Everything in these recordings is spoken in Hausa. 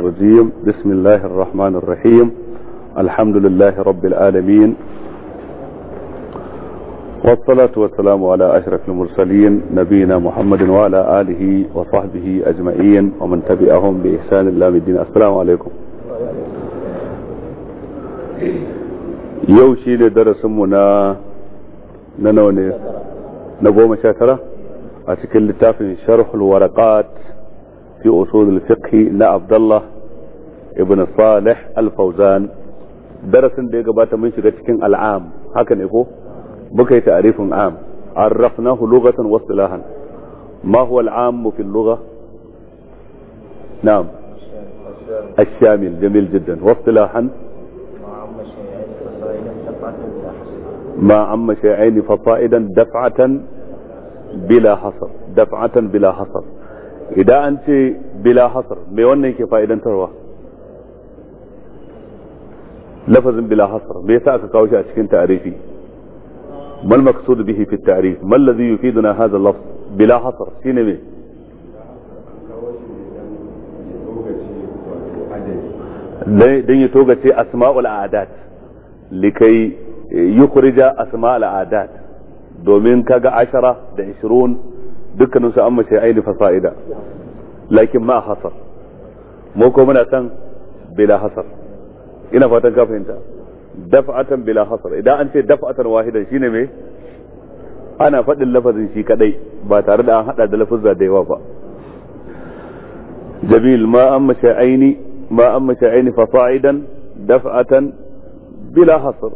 الرجيم بسم الله الرحمن الرحيم الحمد لله رب العالمين والصلاة والسلام على أشرف المرسلين نبينا محمد وعلى آله وصحبه أجمعين ومن تبعهم بإحسان الله الدين السلام عليكم يوشي لدرس منا ننوني نبو مشاكرة أتكلم لتافن شرح الورقات في أصول الفقه لا عبد الله ابن صالح الفوزان darasin da ya gabata mun shiga cikin al'am haka ne ko muka yi ta'arifin am arrafnahu lughatan wa istilahan ma huwa al'am fi al-lugha na'am الشامل جميل جدا واصطلاحا ما عم شيئين فصائدا دفعة بلا حصر دفعة بلا حصر idan an ce bila hasar mai wannan yake fa'idantarwa lafazin bila hasar me yasa aka kawo shi a cikin ta'arifi mal maqsud bihi fi at-ta'rif mal ladhi yufiduna hadha al-lafz bila hasar shine me dan ya togace asma'ul a'dat likai yukhrija asma'ul a'dat domin kaga ashara da 20 dukkanin su an mace aini fasa'ida lakin ma hasar mu ko muna san bila hasar ina fatan ka fahimta daf'atan bila hasar idan an ce daf'atan wahidan shine me ana faɗin lafazin shi kadai ba tare da an hada da lafazza da yawa ba ma جميل ما aini ma ما أما aini fasa'idan دفعة bila hasar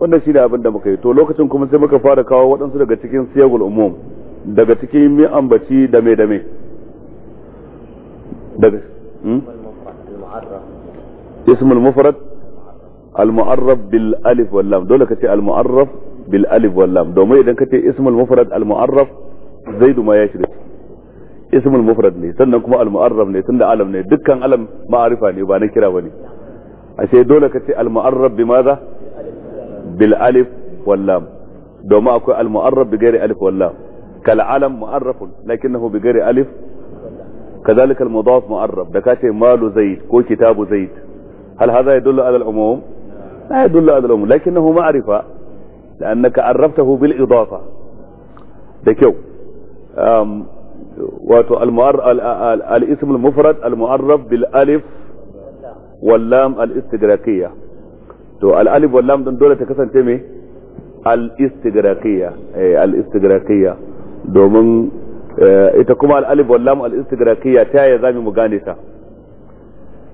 wannan shi ne abin da muka yi to lokacin kuma sai muka fara kawo waɗansu daga cikin siyagul umum daga cikin mai ambaci da mai da mai daga hmm? ismul mufrad al-mu'arraf bil alif wal lam dole ka ce al-mu'arraf bil alif wal lam domin idan ka ce ismul mufrad al-mu'arraf zaidu ma ya shiga ismul mufrad ne sannan kuma al-mu'arraf ne tunda alam ne dukkan alam ma'arifa ne ba na kira bane ashe dole ka ce al-mu'arraf bi madha bil alif wal lam domin akwai al-mu'arraf bi ghairi alif wal lam كالعلم معرف لكنه بغير ألف كذلك المضاف مؤرف دكاتي مال زيد كو كتاب زيد هل هذا يدل على العموم لا يدل على العموم لكنه معرفة لأنك عرفته بالإضافة دكو واتو الاسم المفرد المعرف بالألف واللام الاستقراكية تو الألف واللام دون دولة كسن تمي الاستقراكية الاستقراكية domin eh, ita kuma al'alif wallam al'istigrakiya ta yaya za mu gane ta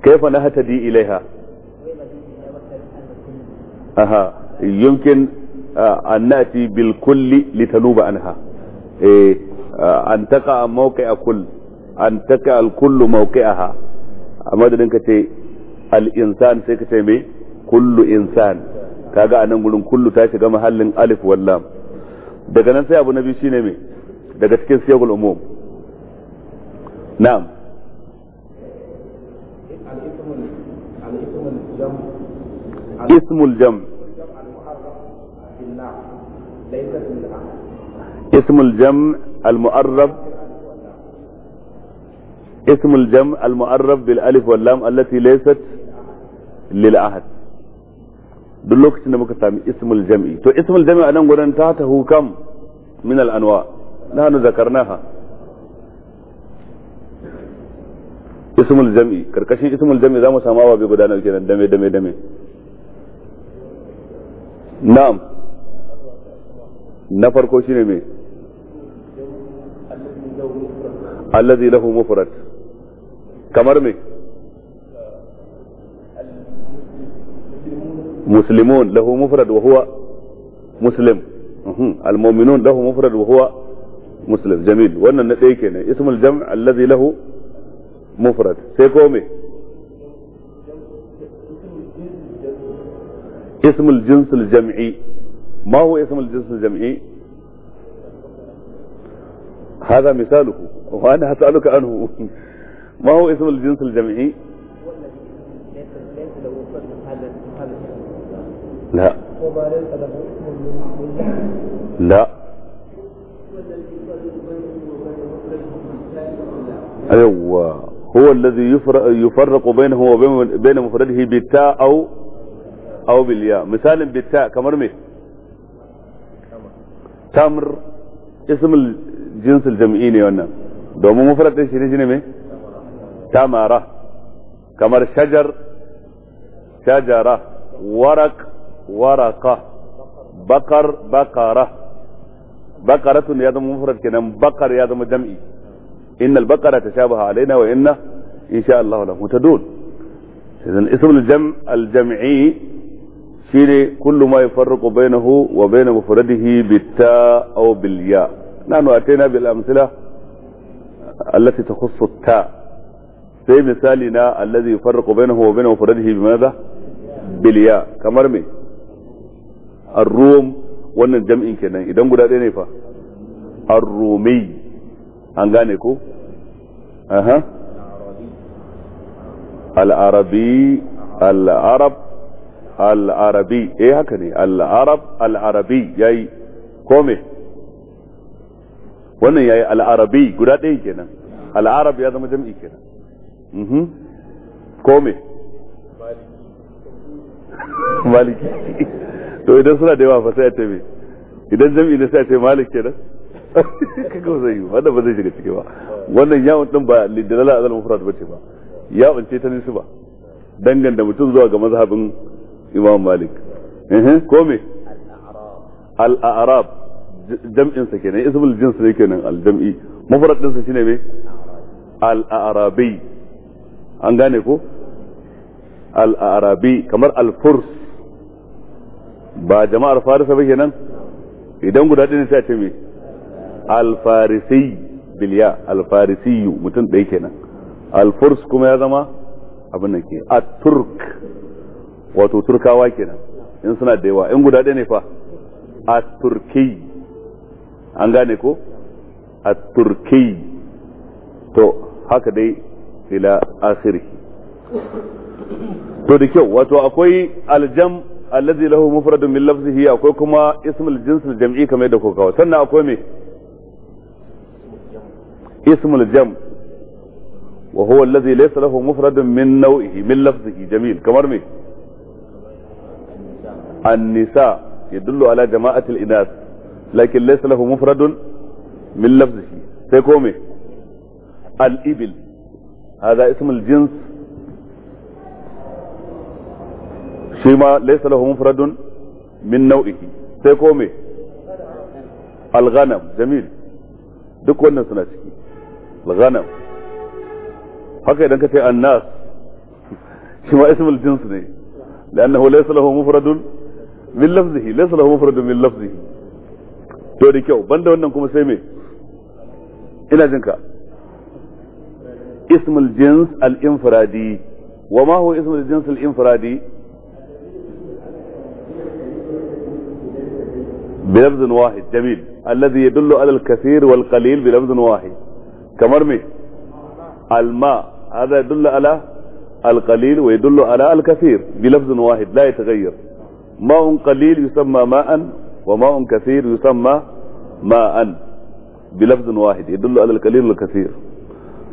kaifa na hata di ilaiha aha yunkin an nati bil kulli litanuba anha eh an taka mawqi'a kull an taka al kullu mawqi'aha a madadin ka ce al insan sai ka ce me kullu insan kaga anan gurin kullu ta shiga mahallin alif wallam daga nan sai abu na biyu shine me daga cikin siyogul umum na'am ismul jam ismul jam al-mu'arrab اسم الجمع المعرف بالالف واللام التي ليست للعهد دلوك شنو مكتامي اسم الجمع تو اسم الجمع انا نقول انتهت هو كم من الانواع nahnu zakarnaha ismul jam'i karkashin ismul jam'i zamu samu ababe guda dame dame dame na'am na farko shine me lahu mufrad kamar me muslimun lahu mufrad wa huwa muslim مسلم جميل وانا هنا اسم الجمع الذي له مفرد سيكومي اسم الجنس الجمعي ما هو اسم الجنس الجمعي هذا مثاله وانا اسالك عنه ما هو اسم الجنس الجمعي لا لا أيوة هو الذي يفرق, يفرق بينه وبين مفرده بالتاء أو أو بالياء مثال بالتاء كمرمي تمر اسم الجنس الجمعين يونا دوم مفرد ايش نجي نمي تمارة كمر شجر شجرة ورق ورقة بقر بقرة بقرة يا دوم مفرد كنا بقر يا دوم جمعي إن البقرة تشابه علينا وإن إن شاء الله لمهتدون إذا اسم الجمع الجمعي شيري كل ما يفرق بينه وبين مفرده بالتاء أو بالياء نحن أتينا بالأمثلة التي تخص التاء في مثالنا الذي يفرق بينه وبين مفرده بماذا بالياء كمرمي الروم ون الجمعي كنا اذا wannan jam'in kenan an gane ko aha al-arabi al-arab al-arabi eh haka ne al-arab al-arabi yayi kome wannan yayi al-arabi guda ɗaya kenan al-arab ya zama jam'i kenan mhm kome maliki to idan suna da yawa fa sai ce me idan jam'i ne sai ce malik kenan kaga zai yi wannan ba zai shiga ciki ba wannan yawon din ba lidalala azal mufrad bace ba yawon ce ta nisba danganta mutum zuwa ga mazhabin Imam Malik ko me al-a'rab jam'in sa kenan ismul jins ne kenan al-jam'i mufrad din sa shine me al-arabi an gane ko al-arabi kamar al-furs ba jama'ar farisa ba kenan idan guda ɗin sai a ce me alfarisi bilya alfarisiyu mutum ɗaya kenan alfurs kuma ya zama abin nan ke a turk wato turkawa kenan in suna da yawa in guda ɗaya ne fa a turki an gane ko a turki to haka dai ila akhiri to da kyau wato akwai aljam alladhi lahu mufradun min lafzihi akwai kuma ismul jinsul jam'i kamar da kuka sannan akwai me اسم الجمع وهو الذي ليس له مفرد من نوعه من لفظه جميل كمرمي النساء يدل على جماعة الإناث لكن ليس له مفرد من لفظه سيكومي الإبل هذا اسم الجنس شيما ليس له مفرد من نوعه سيكومي الغنم جميل دكونا wannan al haka idan ka ce annas shi ma ismul jins ne لأنه ليس له مفرد من لفظه ليس له مفرد من لفظه to da kyau banda wannan kuma sai me ina jin ka ismul jins al infiradi wa ma huwa ismul jins al بلفظ واحد جميل الذي يدل على الكثير والقليل بلفظ واحد kamar me alma hada yadullu ala alqalil wa yadullu ala alkathir bi lafzin wahid la yataghayyar ma'un qalil yusamma ma'an wa ma'un kathir yusamma ma'an bi lafzin wahid yadullu ala alqalil wa kathir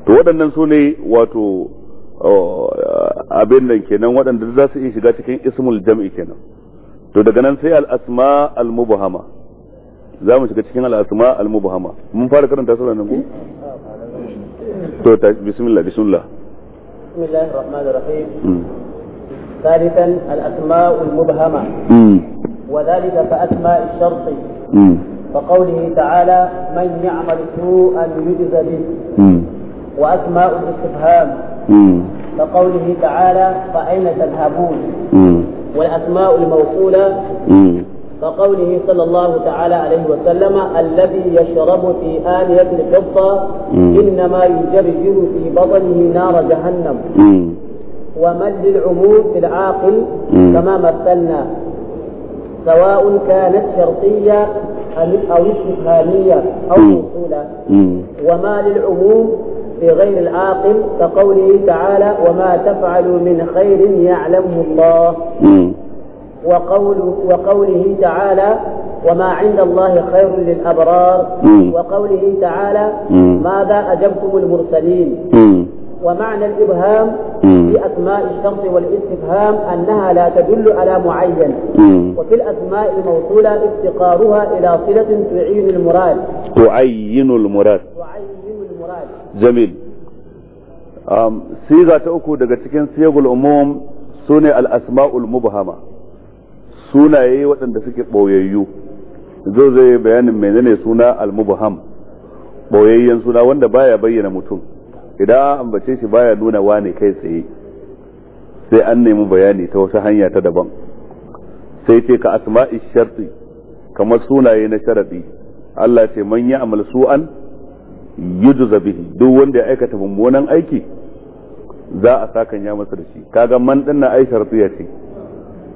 to waɗannan su ne wato abin nan kenan waɗanda za su iya shiga cikin ismul jam'i kenan to daga nan sai al-asma al-mubahama za mu shiga cikin al-asma al-mubahama mun fara karanta su nan ko تو بسم الله بسم الله بسم الله الرحمن الرحيم ثالثا الأسماء المبهمة وذلك فأسماء الشرط فقوله تعالى من يعمل سوءا يجز به وأسماء الاستفهام كقوله تعالى فأين تذهبون والأسماء الموصولة كقوله صلى الله تعالى عليه وسلم الذي يشرب في آنية الفضة إنما يجرجر في بطنه نار جهنم ومن للعموم في العاقل كما مثلنا سواء كانت شرطية أو استفهامية أو موصولة وما للعموم في غير العاقل كقوله تعالى وما تفعلوا من خير يعلمه الله وقول وقوله تعالى وما عند الله خير للأبرار وقوله تعالى ماذا أجبتم المرسلين ومعنى الإبهام في أسماء الشرط والاستفهام أنها لا تدل على معين وفي الأسماء الموصولة افتقارها إلى صلة تعين المراد تعين المراد تعين المراد جميل صيغة أكو دقتكين صيغ الأموم سنة الأسماء المبهمة sunaye waɗanda suke ɓoyayyu zai zai bayanin menene suna almubham ɓoyayyen suna wanda baya bayyana mutum idan an ambace shi baya nuna wane kai tsaye sai an nemi bayani ta wata hanya ta daban sai ce ka asma'i sharti kamar sunaye na sharadi Allah ce man ya amal su'an yujza bihi duk wanda ya aikata mummunan aiki za a sakan ya masa da shi kaga man din na ya ce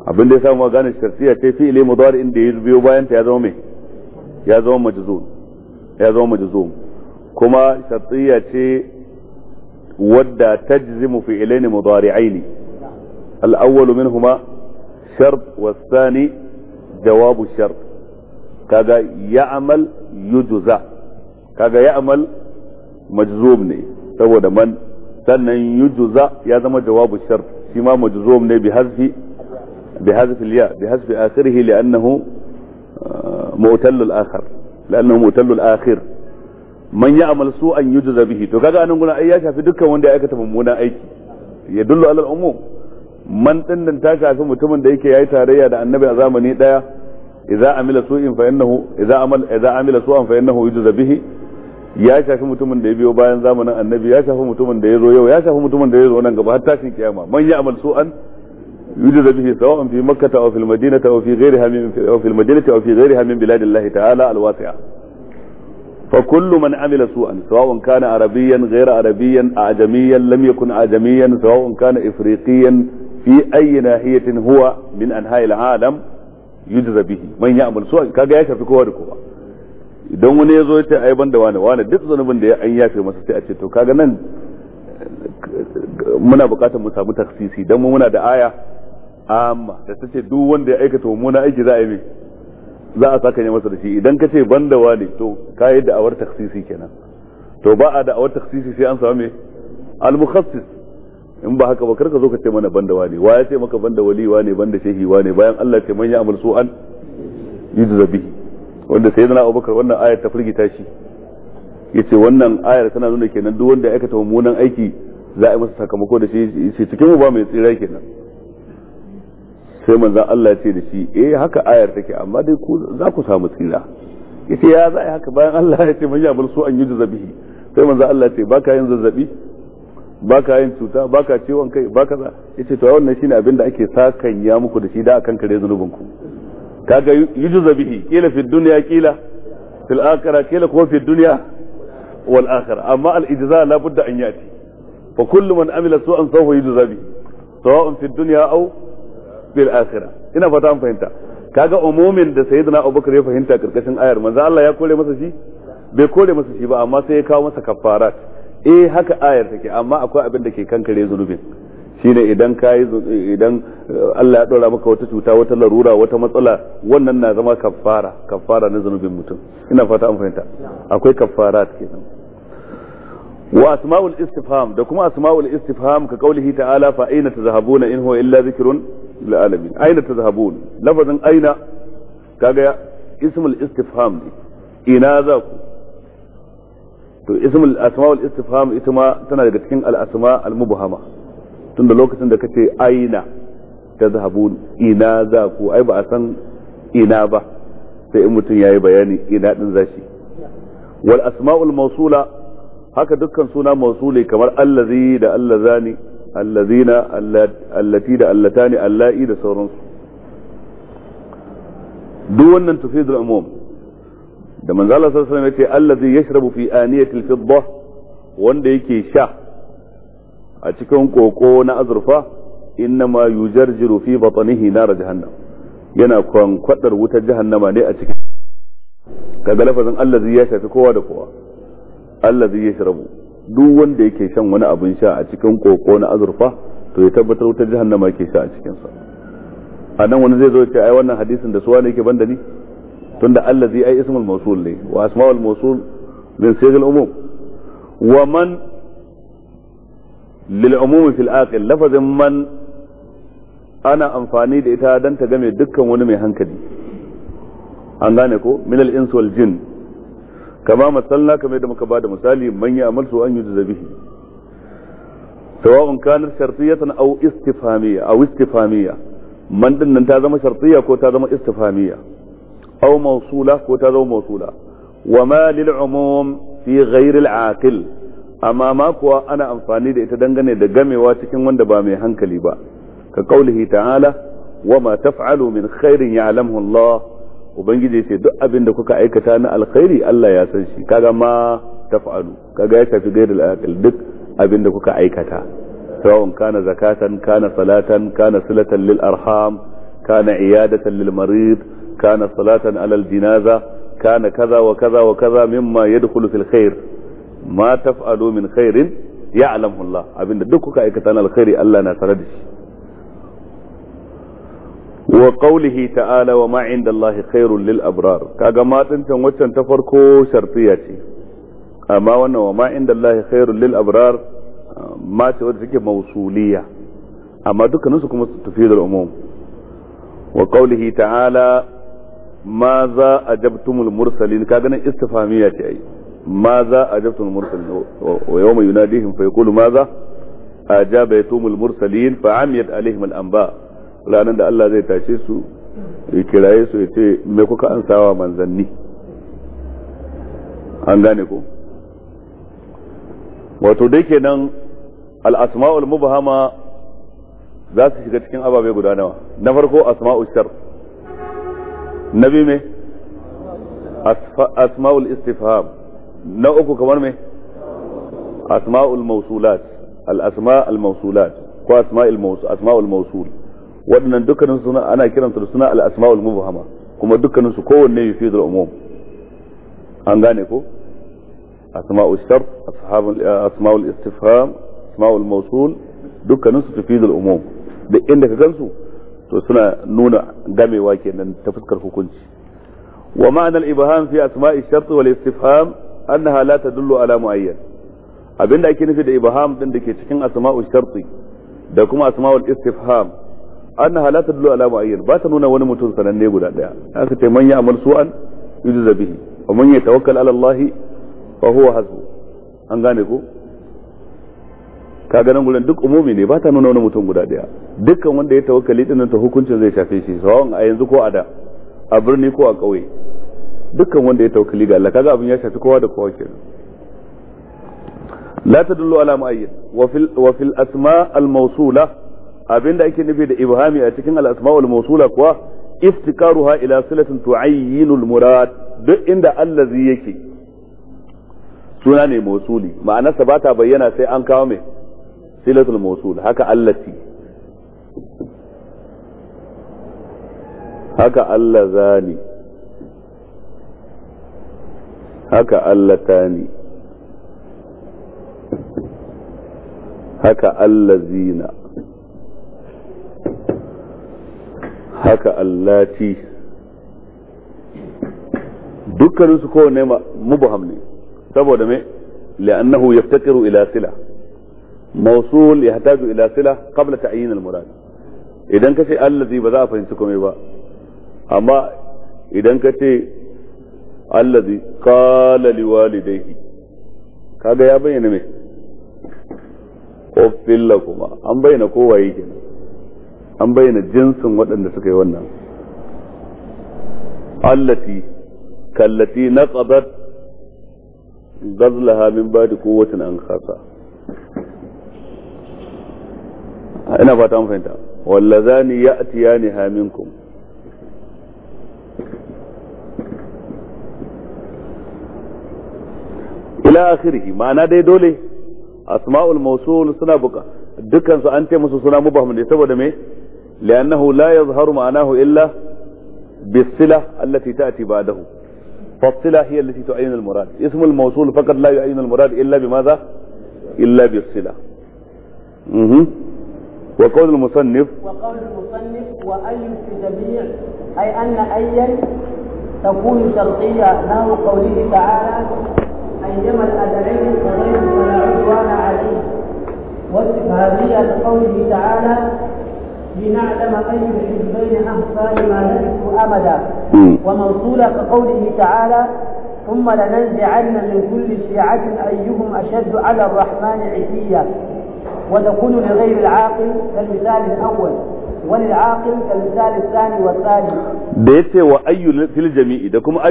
abin da ya samu gane shartiya ce fi ilai mudari inda ya biyo bayan ta ya zama mai ya zama majizun ya zama majizun kuma shartiya ce wadda ta jizimu fi ilaini aini al'awwalu min minhuma shart wasta thani jawabu shart kaga ya ya'mal yujuza kaga ya amal majzum ne saboda man sannan yujuza ya zama jawabu shart shi ma majzum ne bi hazfi بحذف الياء بحذف آخره لأنه معتل الآخر لأنه الآخر man ya amal su an yi bihi to kaga anan guna ai ya shafi dukkan wanda ya aikata mummunan aiki ya dullu alal man din nan ta mutumin da yake yayi tarayya da annabi a zamani daya idza amila su'in fa innahu idza amal idza amila su'an fa innahu yujza bihi ya shafi mutumin da ya biyo bayan zamanin annabi ya shafi mutumin da ya zo yau ya shafi mutumin da ya zo nan gaba har tashin kiyama man ya يوجد به سواء في مكة أو في المدينة أو في غيرها من أو في المدينة أو في غيرها من بلاد الله تعالى الواسعة فكل من عمل سوءا سواء كان عربيا غير عربيا أعجميا لم يكن أعجميا سواء كان إفريقيا في أي ناحية هو من أنحاء العالم يجزى به من يعمل سوءا كاجا يا شافي كوار كوار idan wani ya zo ya ce ai ban da wani wani duk zanubin da ya an yafe masa sai a ce to kaga nan muna bukatar mu samu taksisi dan mu muna da aya amma da ta ce duk wanda ya aikata mummuna aiki za a yi mai za a saka ne masa da shi idan ka ce ban da wani to ka yi da'awar taksisi kenan to ba a da'awar taksisi sai an samu mai almukhassis in ba haka ba karka zo ka ce mana ban da wani wa ya ce maka ban da wali wane ban da shehi wane bayan Allah ce manya ya amal su'an yujza bihi wanda sayyidina Abubakar wannan ayar ta firgita shi yace wannan ayar tana nuna kenan duk wanda ya aikata mummunan aiki za a yi masa sakamako da shi cikin mu ba mai tsira kenan sai manzan Allah ce da shi eh haka ayar take amma dai ku za ku samu tsira yace ya za haka bayan Allah ya ce man ya su an yi zabihi sai manzan Allah ce baka yin zazzabi baka yin cuta baka ciwon kai baka za yace to wannan shine abin da ake sakan ya muku da shi da akan kare zanubin ku kaga yujza bihi kila fi dunya kila fil akhirah kila ko fi dunya wal akhirah amma al ijza la budda an yati fa kullu man amila su'an sawfa yujza bihi sawa'un fi dunya aw bil akhira ina fata an fahimta kaga umumin da sayyidina abubakar ya fahimta karkashin ayar manzo Allah ya kore masa shi bai kore masa shi ba amma sai ya kawo masa kafarat eh haka ayar take amma akwai abin da ke kankare zunubin shine idan kai idan eh, Allah ya dora maka wata cuta wata larura wata matsala wannan na zama kafara kafara na zunubin mutum ina fata an fahimta akwai kafarat kenan wa asma'ul istifham da kuma asma'ul istifham ka kaulihi ta'ala fa aina tazhabuna in huwa illa dhikrun lil alamin aina tazhabun lafazin aina kaga ismul istifham ina za to asma'ul istifham ita ma tana daga cikin al asma al tunda lokacin da kace aina tazhabun ina za ai ba a san ina ba sai in mutum yayi bayani ina din wal asma'ul masula haka dukkan suna mawsuli kamar allazi da allazani allazina allati da allatani alla'i da sauransu duk wannan tufidul umum da manzo Allah sallallahu alaihi wasallam yace allazi yashrabu fi aniyatil fidda wanda yake sha a cikin koko na azurfa innama yujarjiru fi batnihi nar jahannam yana kwankwadar wutar jahannama ne a cikin kaga lafazin allazi ya shafi kowa da kowa allazi yashrabu duk wanda yake shan wani abin sha a cikin koko na azurfa to ya tabbatar wutar jahannama yake sha a cikin sa a nan wani zai zo ce ai wannan hadisin da suwa ne yake banda ni tunda allazi ai ismul mawsul ne wa asmaul mawsul min sigal umum wa man lil umum fil aqil lafazin man ana amfani da ita dan ta game dukkan wani mai hankali an gane ko min al ins wal jin kama masalla kamar da muka bada misali manya ya'mal su an yujza bihi sawa'un kanat shartiyatan aw istifhamiyya aw istifhamiyya man din nan ta zama shartiyya ko ta zama istifhamiyya aw mawsula ko ta zama mawsula wa ma lil umum fi ghayr amma ma kuwa ana amfani da ita dangane da gamewa cikin wanda ba mai hankali ba ka kaulihi ta'ala wa ma taf'alu min khairin ya'lamuhu ubangiji ce duk abin da kuka aikata na alkhairi Allah ya san shi kaga ma taf'alu kaga ya shafi gairul aqil duk abin da kuka aikata sawa'un kana zakatan kana salatan kana silatan lil arham kana iyadatan lil marid kana salatan ala al jinaza kana kaza wa kaza wa kaza mimma yadkhulu fil khair ma taf'alu min khairin ya'lamu Allah abin da duk kuka aikata na alkhairi Allah na sanar da shi wa qawlihi ta'ala wa ma inda Allah khairul lil abrar kaga ma tsintan waccan ta farko shartiya ce amma wannan wa ma inda Allah khairul lil abrar ma ce wadda take mausuliya amma dukkaninsu su kuma da umum wa qawlihi ta'ala ma za ajabtumul mursalin kaga nan istifhamiya ce ai ma za ajabtumul mursalin wa yawma yunadihim fa yaqulu ma za ajabtumul mursalin fa amiyat alaihim al anba' ranar da Allah zai tashe su ya kiraye su ya ce mai kuka an sawa manzanni an gane ko wato dai kenan al’asma’ul mubahama za su shiga cikin ababe guda nawa na farko asma'ul shar na biyu me asma'ul istifham na uku kamar me asma'ul mausulat al’asma’ul mausulat ko asma'ul mausul waɗannan dukkanin suna ana kiransu da suna al-asma'ul kuma dukkanin su kowanne yufidu al-umum an gane ko asma'u shar asma'ul istifham asma'ul mawsul dukkanin su tufidu al-umum da inda ka gansu to suna nuna gamewa kenan ta fuskar hukunci wa ma'anar ibham fi asma'i shart wal istifham annaha la tadullu ala muayyan abinda ake nufi da Ibrahim din da ke cikin asma'u shart da kuma asma'ul istifham annaha la tadullu ala mu'ayyan ba ta nuna wani mutum sananne guda daya aka ce man amal su'an yujza bihi wa man yatawakkal ala Allah fa huwa hasbu an gane ko kaga nan gurin duk umumi ne ba ta nuna wani mutum guda daya dukkan wanda ya tawakkali din ta hukuncin zai shafe shi sawan a yanzu ko a da a birni ko a ƙauye dukkan wanda ya tawakkali ga Allah kaga abin ya shafi kowa da kowa kenan la tadullu ala mu'ayyan wa fil wa fil asma al abinda ake nufi da ibhami a cikin al-asma'ul mawsula kuwa iftikaruha ila silatin tu'ayyinul murad duk inda allazi yake suna ne mawsuli ma'anarsa ba ta bayyana sai an kawo mai silatul mawsul haka allati haka allazani haka allatani haka allazina haka allati dukkaninsu kowane mubham ne saboda me li'annahu yaftakiru ila sila mawsul yahtaju ila sila qabla ta'yin al-murad idan kace allazi ba za a fahimci komai ba amma idan kace allazi qala liwalidayhi kaga ya bayyana me ofilla kuma an bayyana yake kenan an bayyana jinsin waɗanda suka yi wannan allati kallati na naqadat gazlaha min ba'di quwwatin an khasa ina fata an fahimta wallazani hamin ku. ila akhirih ma'ana dai dole asma'ul mawsul suna buka dukkan su an ce musu suna mubahmun ne saboda me لأنه لا يظهر معناه إلا بالصلة التي تأتي بعده فالصلة هي التي تعين المراد اسم الموصول فقط لا يعين المراد إلا بماذا إلا بالصلة مه. وقول المصنف وقول المصنف وأي في جميع أي أن أيا تكون شرطية نحو قوله تعالى أيما الأدعين فغير ولا عدوان عليه واستفهامية قوله تعالى لنعلم أي الحزبين أحصى لما لبثوا أمدا وموصولة كقوله تعالى ثم لننزعن من كل شيعة أيهم أشد على الرحمن عتيا وتكون لغير العاقل كالمثال الأول وللعاقل كالمثال الثاني والثالث da وأي في الجميع ayyu fil jami'i da kuma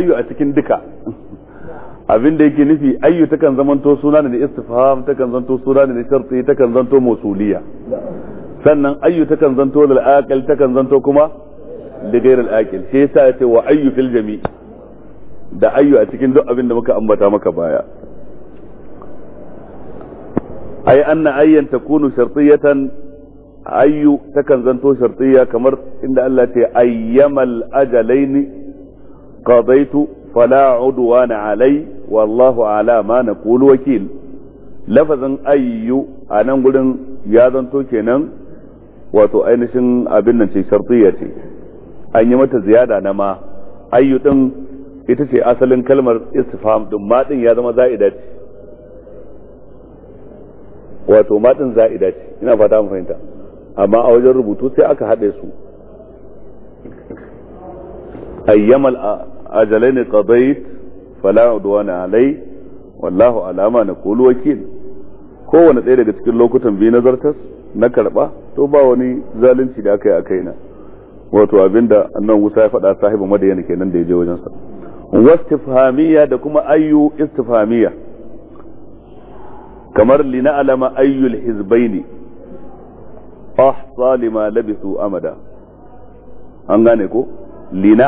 abin da yake nufi ayyu takan zamanto suna ne da istifham takan zanto suna ne da sharti takan zanto mausuliya sannan ayyu takan zanto lil aqil takan zanto kuma li ghayr al aqil sai ya ce wa ayyu fil jami da ayyu a cikin duk abin da muka ambata maka baya ay anna ayyan takunu shartiyatan ayyu ta takan zanto shartiyya kamar inda Allah ce ayyamal ajalaini qadaitu fala udwana alai wallahu ala ma naqulu wakil lafazin ayyu a nan gudun ya zanto kenan wato ainihin abin nan ce shartiyya ce an yi mata ziyada na ma ayyu din ita ce asalin kalmar istifham din ma din ya zama za'ida ce wato ma din za'ida ce ina fata mu fahimta amma a wajen rubutu sai aka haɗe su ayyamal ajalaini qadait fala udwana alai wallahu alama na Kulu wakil kowane ɗaya daga cikin lokutan biyu nazartas na karba to ba wani zalunci da aka yi a na? wato abinda nan Musa ya faɗa sahibi madayana kenan da ya je wajen sa da kuma ayyu istifhamiya kamar alama ayyul hizbaini ah Salima labisu amada an gane ko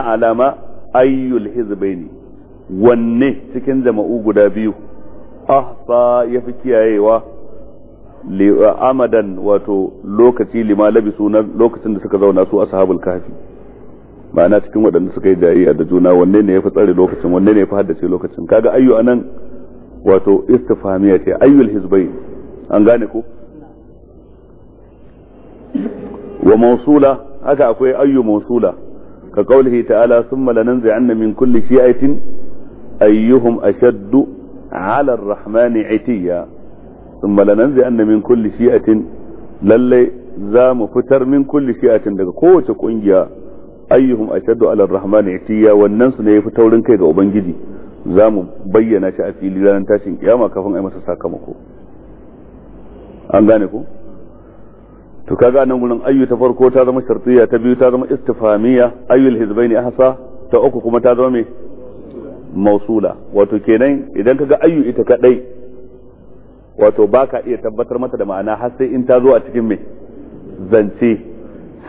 alama ayyul hizbaini wanne cikin jama'u guda biyu ahsa yafi kiyayewa amadan wato lokaci limalabi labisu lokacin da suka zauna su ashabul kahfi ma'ana cikin waɗanda suka yi jayayya da juna wanne ne ya fi tsare lokacin wanne ne ya fi haddace lokacin kaga ayyu anan wato istifhamiya ce ayyul hizbai an gane ko wa mawsula haka akwai ayyu mawsula ka kaulihi ta'ala summa lananzi'anna min kulli shi'atin ayyuhum ashaddu 'ala ar-rahmani 'itiyya zai lananzi'anna min kulli shi'atin lalle za mu fitar min kulli shi'atin daga kowace kungiya ayyuhum ashaddu ala ar-rahman itiya wannan su ne yafi taurin kai ga ubangiji za mu bayyana shi a fili ranar tashin kiyama kafin ai masa sakamako an gane ku to kaga nan gurin ayyu ta farko ta zama shartiyya ta biyu ta zama istifhamiya ayyul hizbaini ahsa ta uku kuma ta zama me mausula wato kenan idan kaga ayyu ita kadai wato baka iya tabbatar mata da ma'ana har sai in ta zo a cikin mai zance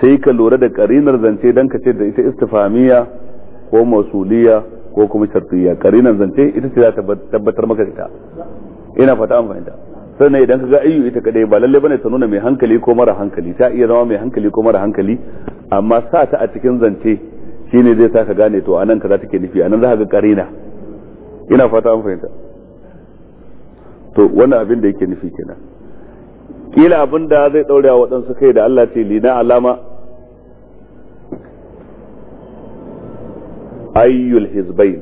sai ka lura da karinar zance don ka ce da ita istifamiya ko masuliya ko kuma shartiyya karinar zance ita ce za ta tabbatar maka ita ina fata an fahimta sannan idan ka ga ayyu ita kadai ba lalle bane ta nuna mai hankali ko mara hankali ta iya zama mai hankali ko mara hankali amma sa ta a cikin zance shine zai sa ka gane to anan kaza take nufi anan za ka ga karina ina fata an fahimta to wani abin da yake nufi kenan kila abin da zai daure a waɗansu kai da Allah ce lina alama ayyul hizbain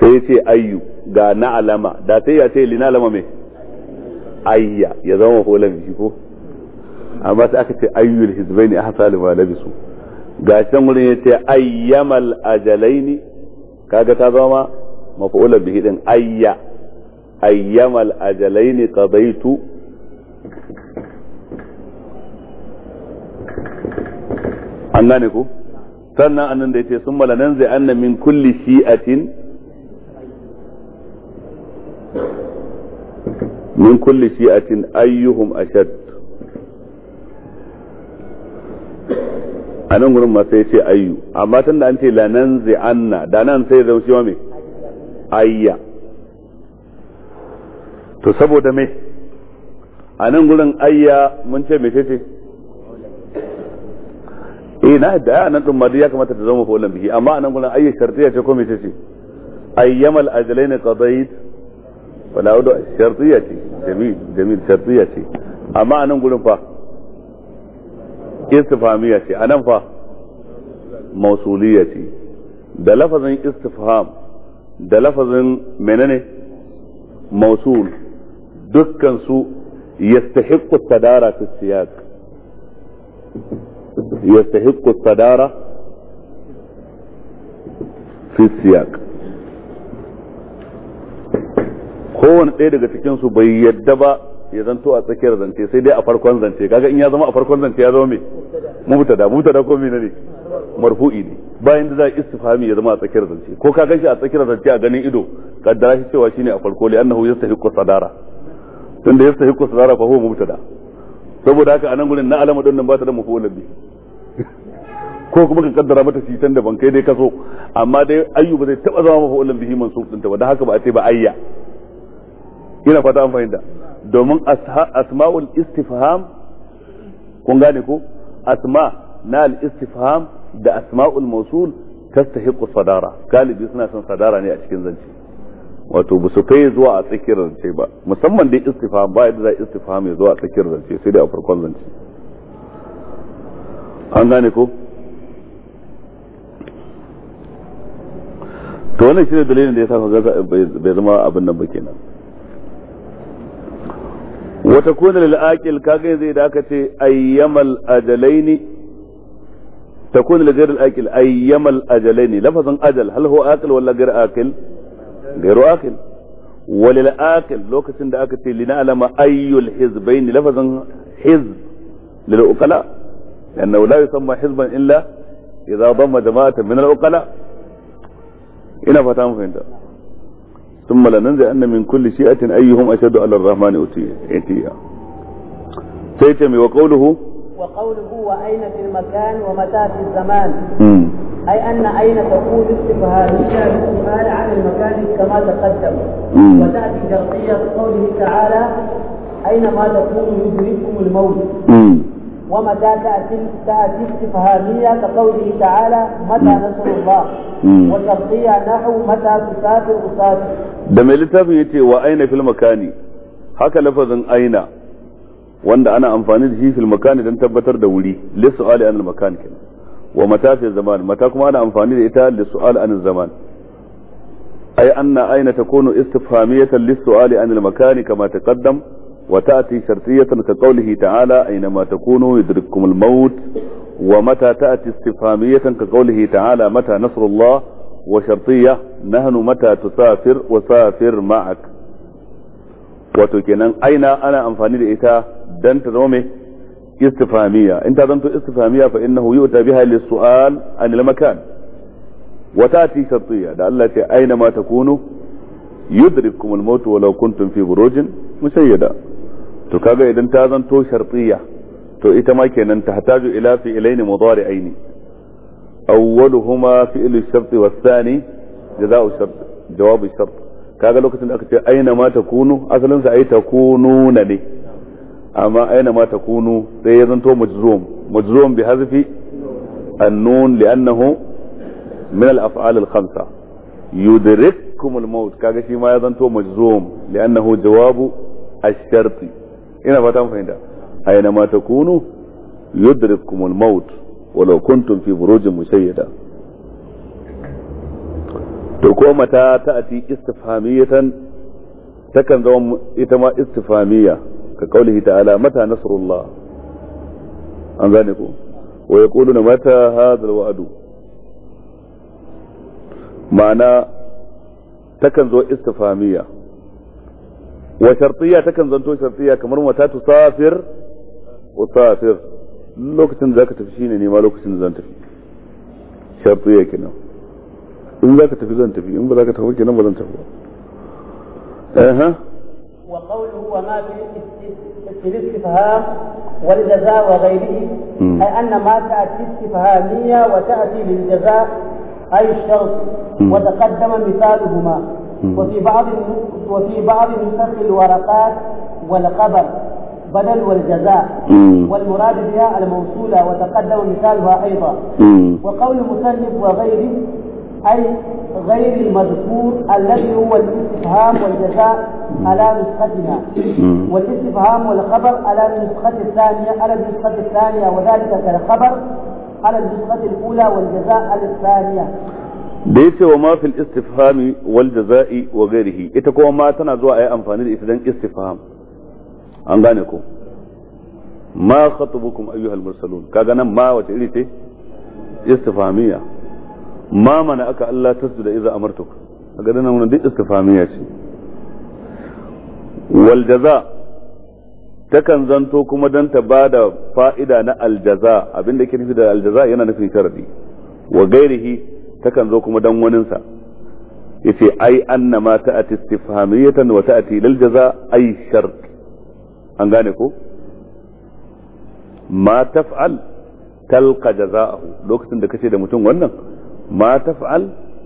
sai ce ayyu ga na alama da sai ya ce lina alama mai ayya ya zama holan shi ko amma sai aka ce ayyul hizbain hasali ma labisu ga can wurin ya ce ayyamal ajalaini kaga ta zama mafa'ulan bihi din ayya ayyamal ajalaini qadaitu an gane ku sannan annan da yace sun malanan zai anna min kulli shi'atin min kulli shi'atin ayyuhum ashad a nan gurin ma sai ce ayyu amma tunda an ce lanan zai anna da nan sai zai shi me ayya to saboda me a nan gurin ayya mun ce me ce eh na da ya nan din ma ya kamata ta zama fa'ulan biki amma a nan gurin ayya shartiya ce ko me ce ayyamal ajalain qadayt wala udu shartiya ce jamil jamil shartiya ce amma a nan gurin fa istifhamiya ce a nan fa mausuliya ce da lafazin istifham da lafazin menene mausul dukkan su yastahiqqu tadara fi siyaq yastahiqqu tadara fi siyaq kowane ɗaya daga su bai yadda ba ya zanto a tsakiyar zance sai dai a farkon zance kaga in ya zama a farkon zance ya zama me mubtada mubtada ko mene ne marfu'i ne bayan da za a istifhami ya zama a tsakiyar zance ko ka ganshi a tsakiyar zance a ganin ido kaddara shi cewa shine a farko li annahu yastahiqqu sadara tunda yastahiqqu sadara fa huwa mubtada saboda haka anan gurin na alama din nan ba ta da mafu'ul bi ko kuma ka kaddara mata shi can da ban kai dai kaso amma dai ayyuba zai taba zama mafu'ul bihi mansub din ta ba dan haka ba a ce ba ayya ina fata an fahimta domin asma'ul istifham kun gane ko asma na al-istifham da asma'ul mawsul tastahiqu sadara galibi suna son sadara ne a cikin zance wato ba su kai zuwa a tsakiyar zance ba musamman dai istifham ba yadda za istifham ya zuwa a tsakiyar zance sai dai a farkon zance an gane ko to wannan shine dalilin da ya sa bai zama abin nan ba kenan wa takuna lil aqil kaga zai da aka ce ayyamal ajalaini takuna lil ghayr al aqil ayyamal ajalaini lafazan ajal hal huwa aqil wala ghayr aqil ghayr aqil wa lil aqil lokacin da aka ce lina alama ayyul hizbaini lafazan hizb lil uqala لأنه لا يسمى حزبا إلا إذا ضم جماعة من العقلاء إلى فتاة fahimta. ثم أن من كل شيئة أيهم أشد على الرحمن أتيا سيتم وقوله وقوله وأين في المكان ومتى في الزمان أي أن أين تقول استفهامية للسؤال عن المكان كما تقدم وتأتي جرقية قوله تعالى أينما تكونوا يدرككم الموت مم. ومتى تأتي تأتي استفهامية كقوله تعالى متى نصر الله وشرطية نحو متى تسافر أسافر da mai littafin ya ce wa aina fil makani haka lafazin aina wanda ana amfani da shi fil makani don tabbatar da wuri li su'ali anil makan kenan wa mata fi zaman mata kuma ana amfani da ita li su'ali anil zaman ay anna aina takunu istifhamiyatan li su'ali anil makani kama taqaddam وتأتي شرطية كقوله تعالى أينما تكونوا يدرككم الموت ومتى تأتي استفهامية كقوله تعالى متى نصر الله وشرطية نهن متى تسافر وسافر معك وتكنن أين أنا أنفاني لإتا دنت رومي استفهامية إن تظنت استفهامية فإنه يؤتى بها للسؤال عن المكان وتأتي شرطية لعلك أينما تكونوا يدرككم الموت ولو كنتم في بروج مشيدة to kaga idan ta zanto shartiyya to ita ma kenan tahtaju ila fi'laini mudari'aini awwaluhuma fi'lu shart wa thani jaza'u shart jawabu shart kaga lokacin da aka ce aina ma takunu asalin sa ai takununa ne amma aina ma takunu sai ya zanto majzum majzum bi hazfi النون لأنه من الأفعال الخمسة يدرككم الموت كاغشي ما يظن مجزوم لأنه جواب الشرط ina fata mun fahimta aina ma takunu yudrikumul maut walau kuntum fi burujin musayyada to ko mata ta ati istifhamiyatan takan zama ita ma istifhamiya ka kaulihi ta'ala mata nasrullah an gane ko wa yaqulu mata hadha alwa'du ma'ana takan zo istifhamiya وشرطية تكن زنتو شرطية كمر متى تسافر وتسافر لوك تنزاك تفشيني ما لوك تنزان تفي شرطية كنا إن ذاك تفي زنت في إن ذاك تفي كنا ما زنت هو أها وقوله وما ما في الاستفهام والجزاء وغيره أي أن ما تأتي استفهامية وتأتي للجزاء أي الشرط وتقدم مثالهما وفي بعض وفي بعض نسخ الورقات والخبر بدل والجزاء والمراد بها الموصولة وتقدم مثالها أيضا وقول المسلف وغيره أي غير المذكور الذي هو الاستفهام والجزاء على نسختنا والاستفهام والخبر على النسخة الثانية على النسخة الثانية وذلك كالخبر على النسخة الأولى والجزاء على الثانية da yace wa ma fil istifhami wal jazai wa ghairihi ita kuma ma tana zuwa a yi amfani da ita dan istifham an gane ko ma khatubukum ayyuhal mursalun kaga nan ma wace iri ce istifhamiya ma mana aka Allah tasjuda idza amartuk kaga nan wannan duk istifhamiya ce wal jaza takan zanto kuma dan ta bada fa'ida na aljaza abinda ke nufi da aljaza yana nufin sharadi wa ghairihi takan zo kuma dan waninsa yace ai annama ta'ati istifhamiyatan wa ta'ati lil jaza ai shart an gane ko ma taf'al talqa jaza'ahu lokacin da kace da mutum wannan ma taf'al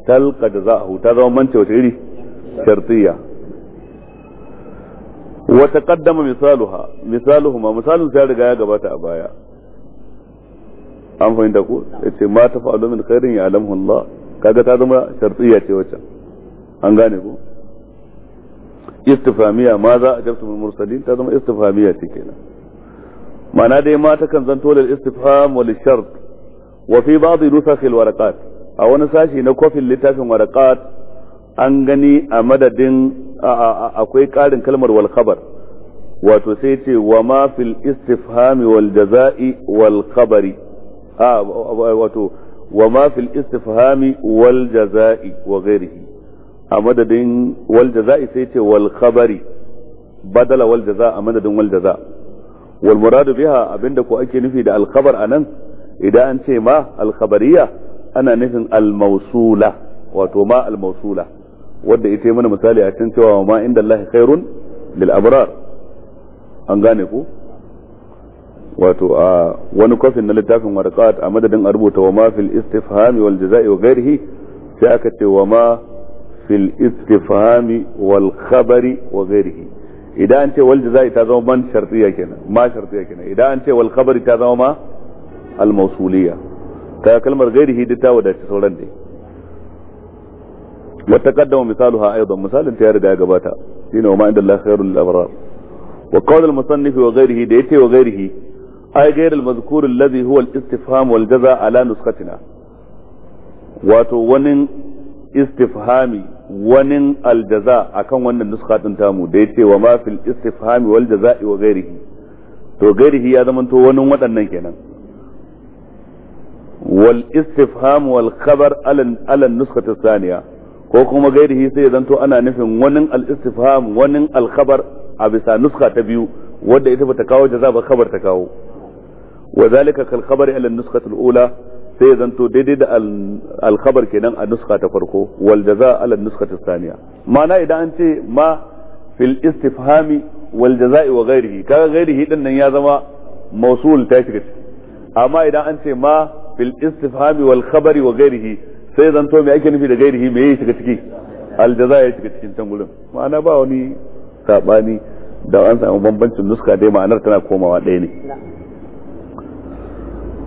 talqa jaza'ahu ta zama mance wata iri shartiyya wa taqaddama misaluha misaluhuma misalun sai riga ya gabata a baya an fahimta ko ce ma ta tafa'alu min khairin ya'lamuhu Allah kaga ta zama shartiyya ce wacce an gane ko istifamiya ma za a ajabtu min mursalin ta zama istifamiya ce kenan ma'ana dai ma ta kan zanto lil istifham wal shart wa fi ba'd nusakh al waraqat a wani sashi na kofin littafin waraqat an gani a madadin akwai karin kalmar wal khabar wato sai ce wa ma fil istifhami wal jaza'i wal khabari wato wa ma fil istifhami wal jaza'i wa ghairihi a madadin wal jaza'i sai ce wal khabari badala wal jaza a madadin wal jaza wal muradu biha abinda ko ake nufi da al khabar anan idan an ce ma al khabariya ana nufin al mawsula wato ma al mawsula wanda ita mana misali a can cewa ma inda Allah khairun lil abrar an gane ku wato a wani kofin na littafin warqat a madadin a rubuta wa ma fil istifhami wal jazai wa ghairihi sai aka ce wa ma fil istifhami wal khabari wa ghairihi idan an ce wal jazai ta zama man shartiya kenan ma shartiya kenan idan an ce wal khabari ta zama ma al mawsuliyya ta kalmar ghairihi duk ta wadace sauran dai وتقدم مثالها ايضا مثال ta ya riga ya gabata shine wa ma inda Allah khairul abrar wa qawl al musannif wa ghairihi da yace wa ghairihi ai gairar mazkur alladhi huwa al-istifham wal jaza ala nuskatina wato wani istifhami wani aljaza akan wannan nuska din tamu da yace wa ma fil istifhami wal jaza wa gairihi. to gairihi ya zamanto wani waɗannan kenan wal istifham wal khabar ala ala Saniya ko kuma gairihi sai zanto ana nufin wani al-istifham wani al-khabar a bisa nuska ta biyu wadda ita ta kawo jaza ba khabar ta kawo wazalika zalika kal khabari ala ula sai ya zanto daidai da al kenan a nuskha ta farko wal jaza ala nuskhati thaniya ma'ana idan an ce ma fil istifhami wal jaza'i wa ghairihi kaga ghairihi din nan ya zama mausul ta shiga amma idan an ce ma fil istifhami wal wa ghairihi sai zanto me ake nufi da ghairihi me ya shiga ciki al jaza cikin ma'ana ba wani sabani da an samu bambancin nuska dai ma'anar tana komawa ɗaya ne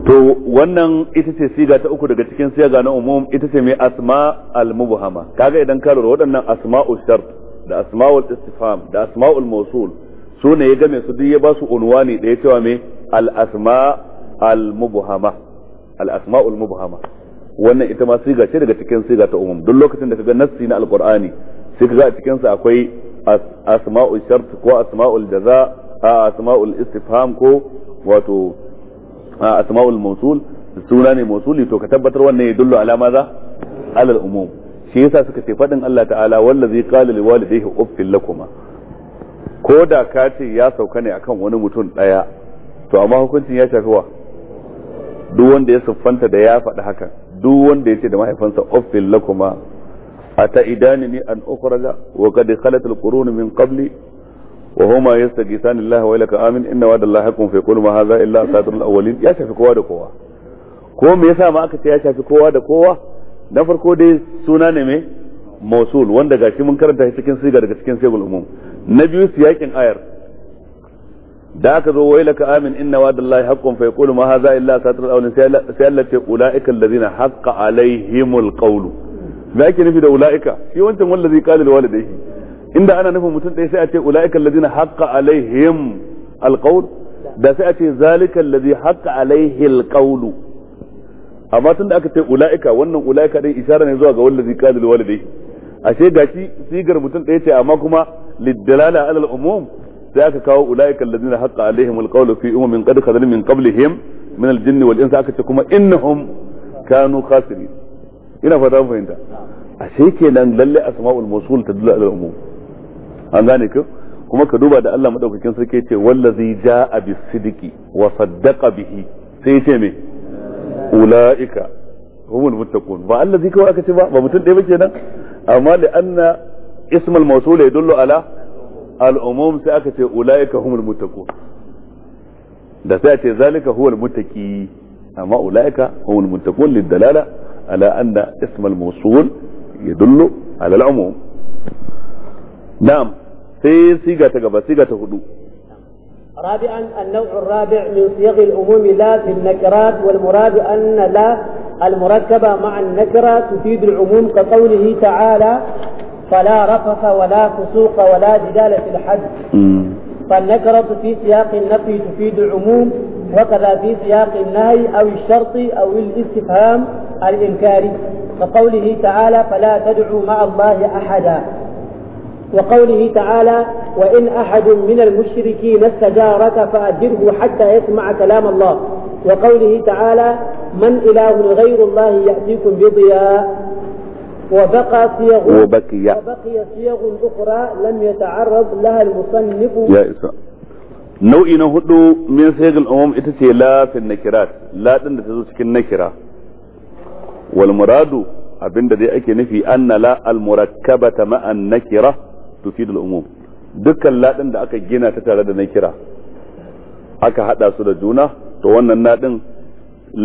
to wannan ita ce siga ta uku daga cikin siga na umum ita ce mai asma al-mubhama kaga idan ka lura waɗannan asma'ul shart da asma'ul istifham da asma'ul mawsul su ne ya game su duk ya ba su unwani da ya cewa mai al-asma al-mubhama al-asma'ul mubhama wannan ita ma siga ce daga cikin siga ta umum duk lokacin da kaga nassi na al-qur'ani sai kaga a cikin sa akwai asma'ul shart ko asma'ul jaza a asma'ul istifham ko wato asma'ul mawsul suna ne mawsuli to ka tabbatar wannan ya dullu ala maza alal umum shi yasa suka ce fadin Allah ta'ala wallazi qala liwalidayhi uffil lakuma ko da ka ce ya sauka ne akan wani mutum daya to amma hukuncin ya shafi wa duk wanda ya siffanta da ya faɗi hakan duk wanda ya ce da mahaifansa uffil lakuma ata idani an ukhraja wa qad khalat al min qabli وهما يستغيثان الله ويلك امن ان وعد الله حق فيقول ما هذا الا اساطير الاولين ya shafi kowa da kowa ko me yasa ma aka ce ya shafi kowa da kowa na farko dai suna ne me Mosul wanda gashi mun karanta cikin siga daga cikin sigul umum na biyu siyakin ayar da aka zo waylaka amin inna wa'dallahi haqqun fa yaqulu ma hadha illa asatirul awwalin sai Allah ce ulaika allazina haqqa alaihimul qawlu me ake nufi da ulaika shi wancan wallazi qala liwalidayhi inda ana nufin mutum ɗaya sai a ce ula'ika alladhina haqqa alaihim alqawl da sai a ce zalika alladhi haqqa alaihi alqawl amma tunda aka ce ula'ika wannan ula'ika din isharar ne zuwa ga wallazi qala lil walidai ashe gashi sigar mutum ɗaya ce amma kuma lidalala ala al-umum sai aka kawo ula'ika alladhina haqqa alaihim alqawl fi umamin qad khadal min qablihim min al-jinn wal insa aka ce kuma innahum kanu khasirin ina fata fahimta ashe kenan lalle asma'ul mawsul tadullu ala al-umum an gane ku kuma ka duba da Allah madaukakin sarki ce wallazi jaa bis sidiki wa saddaqa bihi sai ce me ulaika humul muttaqun ba allazi kawai aka ce ba ba mutum ɗaya ba kenan amma da anna ismul mawsul yadullu ala al umum sai aka ce ulaika humul muttaqun da sai a ce zalika huwal muttaqi amma ulaika humul muttaqun lid dalala ala anna ismul mawsul yadullu ala al umum نعم في صيغة تقبل صيغة هدو رابعا النوع الرابع من صيغ الأموم لا في النكرات والمراد أن لا المركبة مع النكرة تفيد العموم كقوله تعالى فلا رفث ولا فسوق ولا جدال في الحج فالنكرة في سياق النفي تفيد العموم وكذا في سياق النهي أو الشرط أو الاستفهام الإنكاري كقوله تعالى فلا تدعوا مع الله أحدا وقوله تعالى وإن أحد من المشركين استجارك فأجره حتى يسمع كلام الله وقوله تعالى من إله غير الله يأتيكم بضياء وبقى صيغ وبقي, وبقي صيغ أخرى لم يتعرض لها المصنف يا إسراء نو إنه هدو من صيغ umum ita ce في النكرات لا la din da والمراد zo cikin nakira wal muradu abinda dai ake nufi la al murakkabata ma'an nakira tufidul umum dukkan ladin da aka gina ta tare da nakira aka haɗa su da juna to wannan nadin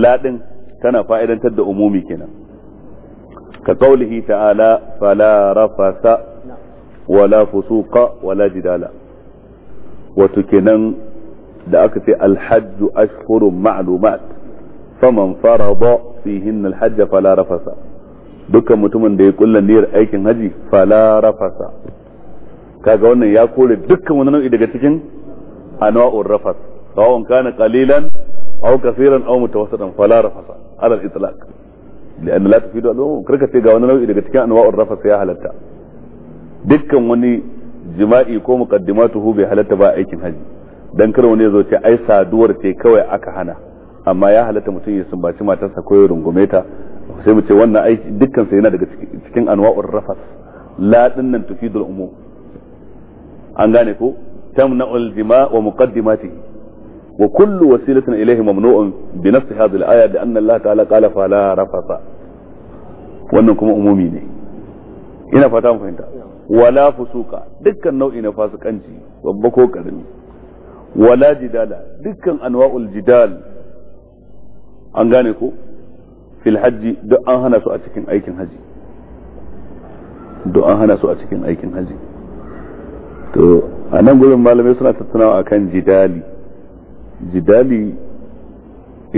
ladin tana fa'idantar da umumi kenan ka qaulihi ta'ala fala rafasa wala fusuqa wala jidala wato kenan da aka ce alhajj ashhurun ma'lumat faman farada fihinna alhajj fala rafasa dukkan mutumin da ya kulla niyyar aikin haji fala rafasa kaga wannan ya kore dukkan wani nau'i daga cikin anwa'ur rafas sawon kana qalilan aw kaseeran aw mutawassitan fala rafasa ala al-itlaq لأن لا تفيد الأمم كركة تيجا وانا نوعي لقد كان rafas ya halatta dukkan wani jima'i ko muqaddimatuhu مقدماته halatta ba aikin haji dan kar wani zo ce ai saduwar ce kawai aka hana amma ya halatta mutum ya sumbaci matarsa ko ya rungume ta sai mu ce wannan aiki dukkan sa yana daga cikin anwa'ur rafas la dinnan tufidul umum an gane ko tamna'u al-jima wa muqaddimati wa kullu wasilatin ilayhi mamnu'un bi nafsi hadhihi al-aya bi anna Allah ta'ala qala la rafasa wannan kuma umumi ne ina fata mu fahimta wala fusuka dukkan nau'i na fasikanci babba ko karami wala jidala dukkan anwa'ul jidal an gane ko fil hajji duk an hana su a cikin aikin haji duk an hana su a cikin aikin haji to a nan gurin malamai suna tattaunawa akan jidali jidali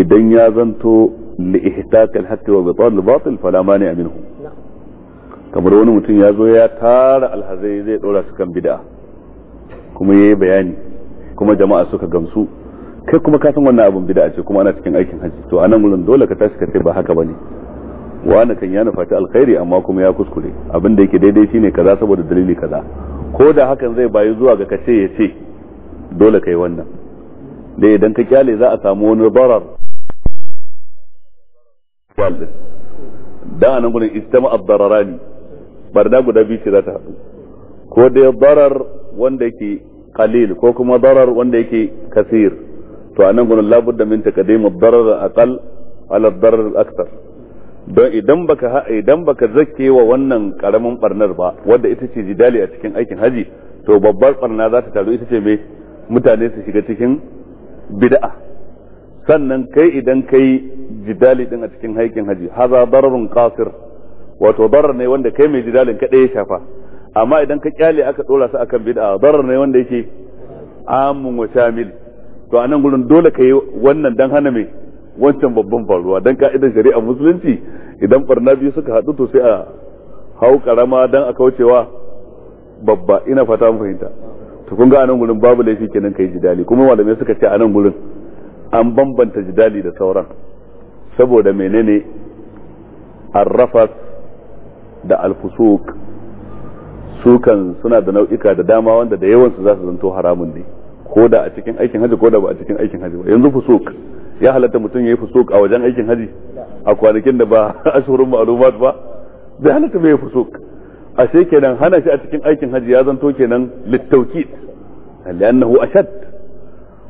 idan ya zanto li'ihtaq al-haqq wa bital al-batil fala mani minhu kamar wani mutum ya zo ya tara alhazai zai dora su kan bid'a kuma yayi bayani kuma jama'a suka gamsu kai kuma ka san wannan abin bid'a ce kuma ana cikin aikin haji to a nan gurin dole ka tashi ka ce ba haka bane wani kan ya nufa ta alkhairi amma kuma ya kuskure abin da yake daidai shine kaza saboda dalili kaza ko da hakan zai bayu zuwa ga kace ya ce dole kai wannan da idan ka kyale za a samu wani barar da anan gurin istama ad-dararani barna guda biyu ce za ta haɗu ko dai barar wanda yake kalil ko kuma barar wanda yake kasir to anan gudun labudda min taqdim ad-darar aqal ala darar aktar don idan baka idan baka zake wa wannan karamin barnar ba wanda ita ce jidali a cikin aikin haji to babbar barna za ta taru ita ce mai mutane su shiga cikin bid'a sannan kai idan kai jidali din a cikin aikin haji haza dararun qasir wato darar ne wanda kai mai jidalin kadai ya shafa amma idan ka kyale aka dora su akan bid'a darar ne wanda yake amun wa shamil to anan gurin dole kai wannan dan hana mai. wancan babban faruwa dan ka'idar shari'a musulunci idan barna biyu suka haɗu to sai a hau karama don a kaucewa babba ina fata mun fahimta to kun ga anan gurin babu laifi kenan kai jidali kuma malamai suka ce anan gurin an bambanta jidali da sauran saboda menene arrafas da alfusuk sukan suna da nau'ika da dama wanda da yawansu za su zanto haramun ne ko da a cikin aikin haji ko da ba a cikin aikin haji ba yanzu fusuk ya halatta mutum ya yi fusuk a wajen aikin haji a kwanakin da ba a shirin ma'alumat ba bai halatta bai fusuk ashe kenan hana shi a cikin aikin haji ya zanto kenan littawkid annahu ashad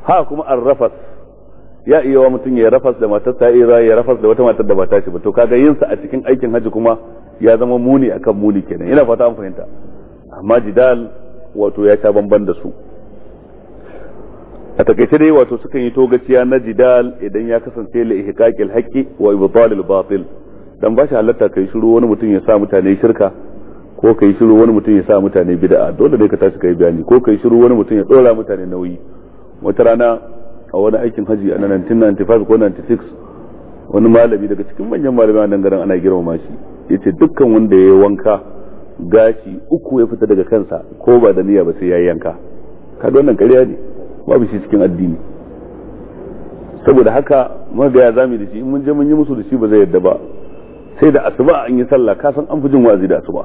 ha kuma arrafas ya iya wa mutum ya rafas da ta ya ya rafas da wata matar da ba ta shi ba to kaga yin sa a cikin aikin haji kuma ya zama muni akan muni kenan ina fata an fahimta amma jidal wato ya sha bamban da su a takaice dai wato sukan yi togaciya na jidal idan ya kasance la ihqaqil haqqi wa ibtalil batil dan ba shi halatta kai shiru wani mutum ya sa mutane shirka ko kai shiru wani mutum ya sa mutane bid'a dole ne ka tashi kai bayani ko kai shiru wani mutum ya dora mutane nauyi wata rana a wani aikin haji a 1995 ko 96 wani malami daga cikin manyan malami a nan garin ana girmama shi yace dukkan wanda ya wanka gashi uku ya fita daga kansa ko ba da niyya ba sai ya yanka kaga wannan ƙarya ne babu shi cikin addini saboda haka ga za mu da shi in mun je mun yi musu da shi ba zai yadda ba sai da asuba an yi sallah ka san an fi jin wazi da asuba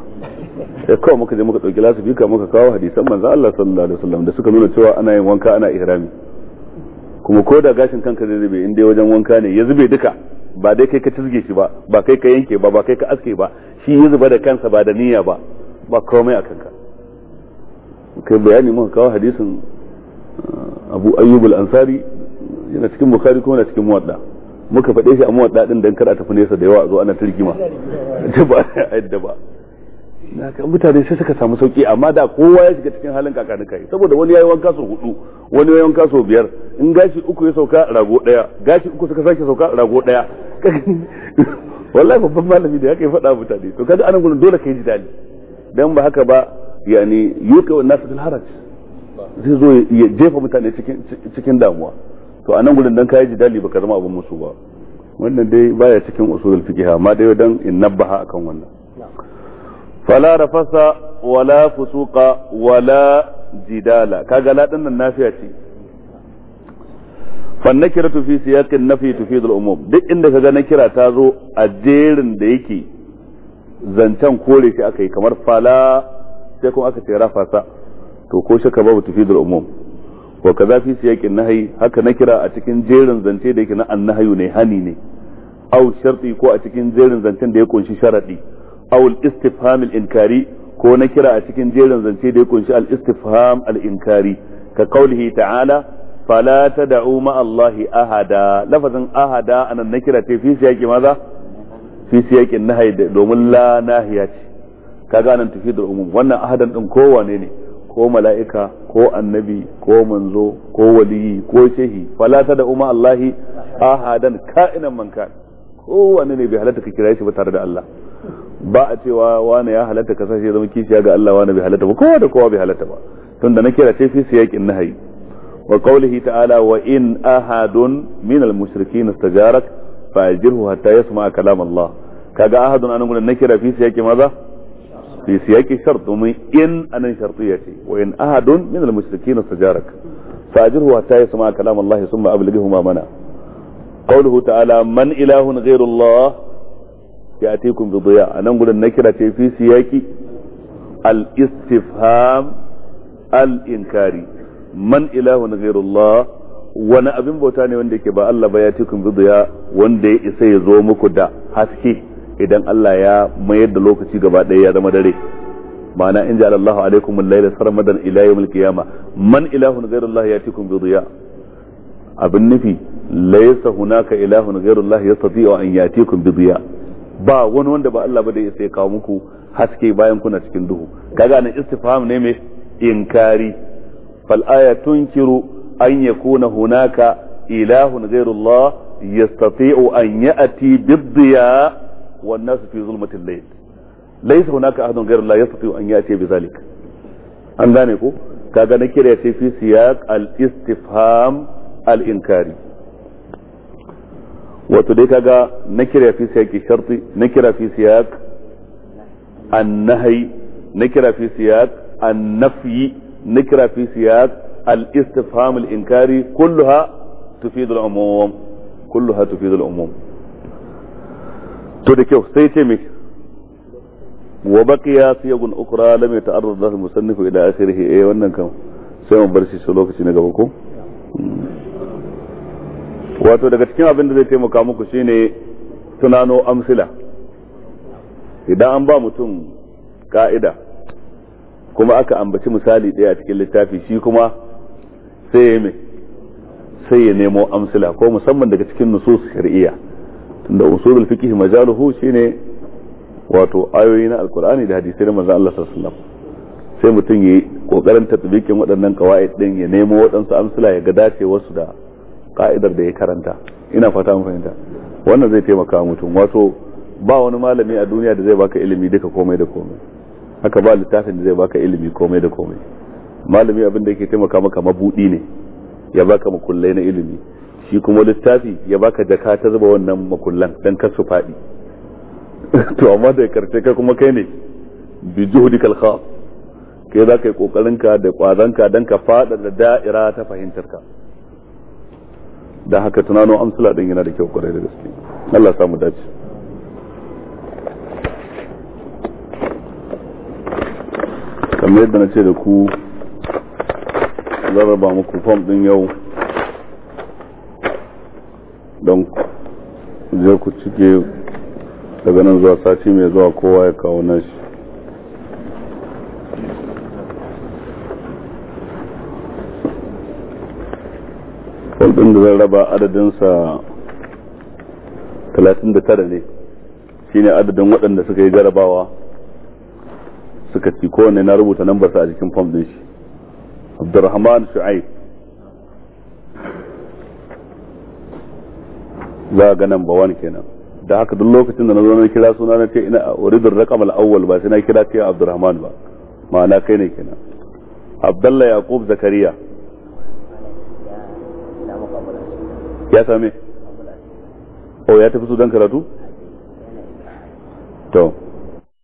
sai kawai muka je muka dauki lasifi ka muka kawo hadisan manzo Allah sallallahu alaihi wasallam da suka nuna cewa ana yin wanka ana ihrami kuma ko da gashin kanka zai zube in dai wajen wanka ne ya zube duka ba dai kai ka cizge shi ba ba kai ka yanke ba ba kai ka aske ba shi ya zuba da kansa ba da niyya ba ba komai a kanka kai bayani muka kawo hadisin abu ayyub al-ansari yana cikin bukhari kuma yana cikin muwadda muka faɗe shi a muwadda din dan kar a tafi nesa da yawa a zo ana tarjima da ba yadda ba naka mutane sai suka samu sauki amma da kowa ya shiga cikin halin kakani kai saboda wani yayi wanka so hudu wani yayi wanka so biyar in gashi uku ya sauka rago daya gashi uku suka sake sauka rago daya wallahi babban malami da ya kai faɗa mutane to kaga anan gurin dole kai ji dali dan ba haka ba yani yuka wannan nasu fil haraj zai zo ya jefa mutane cikin damuwa to a nan gudun dan kayi jidali baka zama abin musu ba wannan dai baya cikin usulul fiqh amma dai dan in nabaha akan wannan fala rafasa wala fusuqa wala jidala kaga la dinnan nafiya ce fannakiratu fi siyaqin nafi tufidul umum duk inda kaga nakira ta zo a jerin da yake zancen kore shi aka yi kamar fala sai kuma aka ce rafasa to ko shaka babu tufidul umum wa kaza fi siyaqin nahyi haka na kira a cikin jerin zance da yake na annahyu ne hani ne aw sharti ko a cikin jerin zancen da ya kunshi sharadi aw al-istifham al-inkari ko na kira a cikin jerin zance da ya kunshi al-istifham al-inkari ka qawlihi ta'ala fala tad'u ma Allahi ahada lafazin ahada anan na kira fi siyaqi maza fi siyaqin nahyi domin la nahiya ce kaga nan tufidul umum wannan ahadan din kowane ne ko mala'ika ko annabi ko manzo ko waliyi ko shehi falata da umma allahi ahadan ka'inan man kan kowanne ne bai halatta ka kira shi ba tare da Allah ba a cewa wani ya halatta ka sashi zama kishiya ga Allah wani bai halatta ba kowa da kowa bai halatta ba tun da na kira ce fi na nahayi wa qawlihi ta'ala wa in ahadun min al-mushrikeen istajarak ajirhu hatta yasma kalam Allah kaga ahadun anan gudan na kira fi siyakin maza fi siyaqi shart domin in anan shartiyya ce wa in ahadun min al mushrikeena sajaraka فأجره حتى يسمع كلام الله ثم أبلغه ما منع قوله تعالى من إله غير الله يأتيكم بضياء أنا نقول النكرة في سياق الاستفهام الإنكاري من إله غير الله wani abin bauta ne wanda yake ba Allah ba ya tikun bidiya wanda ya isa ya zo muku da haske idan Allah ya mayar da lokaci gaba ɗaya ya zama dare ma'ana in ja'ala Allahu alaikum al-layla sarmadan ila man ilahun ghayru Allah yatikum bi dhiya abin nufi laysa hunaka ilahun ghayru Allah yastati'u an yatikum bi dhiya ba wani wanda ba Allah ba da sai kawo muku haske bayan kuna cikin duhu kaga nan istifham ne mai inkari fal tun kiru an yakuna hunaka ilahun ghayru Allah yastati'u an ya'ti bi dhiya والناس في ظلمة الليل ليس هناك أحد غير الله يستطيع أن يأتي بذلك an gane ko kaga na kira ce fi siyak al-istifham al-inkari wato dai kaga na kira fi siyak sharti na kira fi siyak an na kira fi siyak an-nafyi na kira fi al al-inkari to da kyau sai ce mai wa baqiya siyagun ukhra lam yata'arrad lahu musannifu ila akhirih eh wannan kan sai mu bar shi su lokaci na gaba ko wato daga cikin abin da zai taimaka muku shine tunano amsila idan an ba mutum ka'ida kuma aka ambaci misali ɗaya a cikin littafi shi kuma sai ya sai ya nemo amsila ko musamman daga cikin nusus shari'iyya tunda usulul fiqh majaluhu shine wato ayoyi na alkur'ani da hadisai na manzon Allah sallallahu alaihi wasallam sai mutum yayi kokarin tatbikin waɗannan qawaid din ya nemo waɗansu amsala ya ga dace wasu da ka'idar da ya karanta ina fata mun fahimta wannan zai taimaka mutum wato ba wani malami a duniya da zai baka ilimi duka komai da komai haka ba littafin da zai baka ilimi komai da komai malami abin da yake taimaka maka mabudi ne ya baka mukullai na ilimi shi kuma littafi ya baka jaka ta zuba wannan makullan dan kar su faɗi to amma da karshe kai kuma kai ne bi juhudikal khas kai za ka yi kokarin ka da kwazon ka dan ka fada da da'ira ta fahimtar ka da haka tunano amsala din yana da kyau kwarai da gaske Allah samu dace kamar yadda na ce da ku zarraba muku fom din yau don je ku cike daga nan zuwa sati mai zuwa kowa ya kawo nashi ɗin da zan raba adadinsa 39 ne shine adadin waɗanda suka yi jarabawa suka ci kowane na rubuta nambarsa a jikin fom ɗin shi abdurrahman shu'aib za ga ba wani kenan da haka duk lokacin da na zo na kira suna na ce ina uridur rakam al-awwal ba sai na kira ce Abdurrahman ba ma'ana kai ne kenan Abdalla Yaqub Zakariya ya same o oh, ya tafi su dan karatu to